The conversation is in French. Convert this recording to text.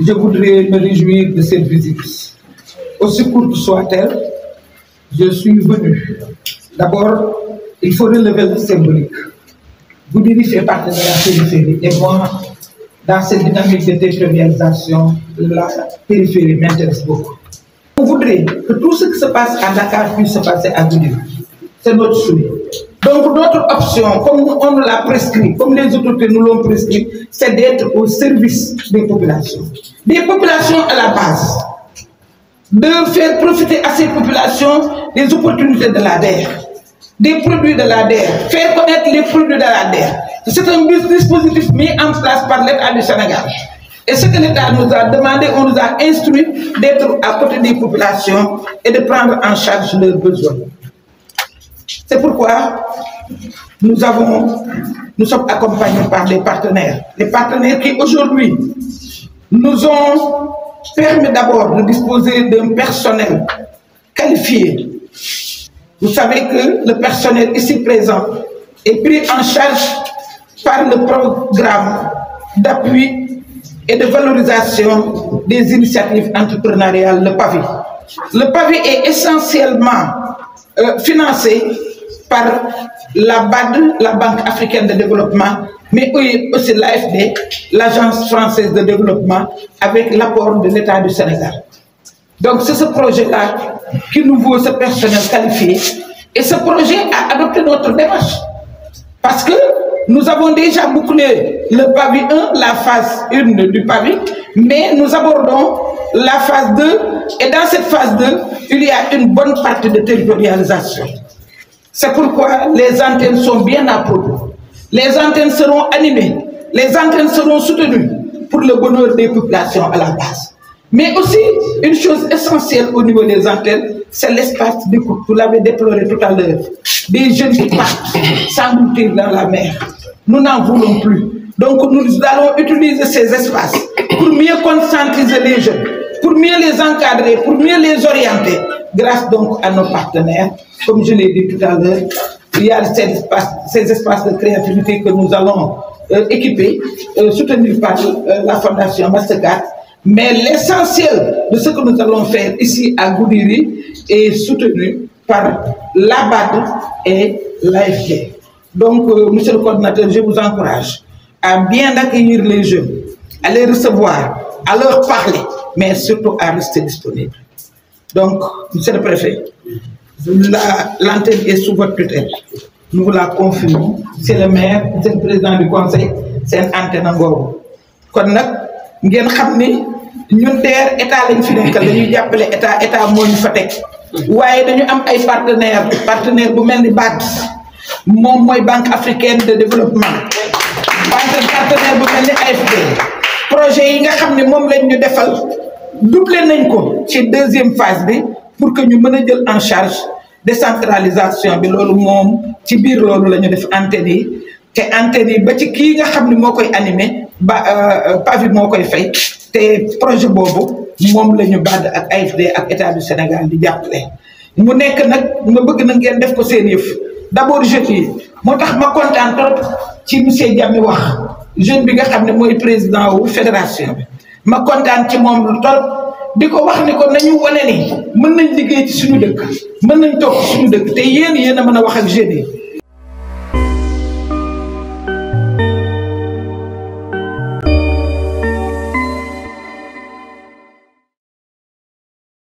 je voudrais me réjouir de cette visite. Aussi courte soit-elle, je suis venu. D'abord, il faut relever le symbolique. Vous fait partie de la périphérie et moi, dans cette dynamique de décriminalisation, la périphérie m'intéresse beaucoup. On voudrait que tout ce qui se passe à Dakar puisse se passer à Goudiri. C'est notre souhait. Donc notre option, comme on nous l'a prescrit, comme les autorités nous l'ont prescrit, c'est d'être au service des populations. Des populations à la base. De faire profiter à ces populations des opportunités de la terre, des produits de la terre, faire connaître les produits de la terre. C'est un dispositif mis en place par l'État du Sénégal. Et ce que l'État nous a demandé, on nous a instruit d'être à côté des populations et de prendre en charge leurs besoins. C'est pourquoi nous, avons, nous sommes accompagnés par les partenaires. Les partenaires qui aujourd'hui nous ont permis d'abord de disposer d'un personnel qualifié. Vous savez que le personnel ici présent est pris en charge par le programme d'appui et de valorisation des initiatives entrepreneuriales, le PAVI. Le PAVI est essentiellement euh, financé par la BAD, la Banque africaine de développement, mais aussi l'AFD, l'Agence française de développement, avec l'apport de l'État du Sénégal. Donc c'est ce projet-là qui nous vaut ce personnel qualifié. Et ce projet a adopté notre démarche. Parce que nous avons déjà bouclé le pavé 1, la phase 1 du pavé, mais nous abordons la phase 2, et dans cette phase 2, il y a une bonne partie de territorialisation. C'est pourquoi les antennes sont bien à propos. Les antennes seront animées, les antennes seront soutenues pour le bonheur des populations à la base. Mais aussi, une chose essentielle au niveau des antennes, c'est l'espace coup. Vous l'avez déploré tout à l'heure. Des jeunes qui partent s'engloutir dans la mer. Nous n'en voulons plus. Donc nous allons utiliser ces espaces pour mieux concentrer les jeunes, pour mieux les encadrer, pour mieux les orienter, grâce donc à nos partenaires. Comme je l'ai dit tout à l'heure, il y a ces espaces, de créativité que nous allons euh, équiper, euh, soutenir par euh, la Fondation Mastercard. Mais l'essentiel de ce que nous allons faire ici à Goudiri est soutenu par l'ABAD et l'AFG. Donc, monsieur le coordinateur, je vous encourage à bien accueillir les jeunes, à les recevoir, à leur parler, mais surtout à rester disponible. Donc, Monsieur le Préfet, l'antenne est sous votre tutelle. Nous vous la confirmons. C'est le maire, c'est le président du conseil, c'est une antenne en Gorgo. Kon nag ngeen xam ñun DER état lañ fi nekkal état état nous ñu fa partenaire partenaire bu mel ni banque africaine de développement partenaire bu mel AFD projet yi nga xam ne moom lañ ñu defal doublé nañ ko ci deuxième phase bi pour que ñu mën a jël en charge décentralisation bi loolu moom ci biir loolu lañu def antenne yi te antenne yi ba ci kii nga xam ne moo koy animé ba euh, euh, Pavi moo koy fay te projet boobu moom lañu ñu bàdd ak AFD ak état du Sénégal di jàppale mu nekk nag ma bëgg na ngeen def ko seen yëf d'abord jeté yi moo tax ma kontaan trop ci monsieur Diame wax jeune bi nga xam ne mooy président wu fédération bi ma kontaan ci moom lu tol di ko wax ni ko nañu wane ni mën nañ liggéey ci suñu dëkk mën nañ toog ci suñu dëkk te yéen yéen a mën a wax ak jeunes yi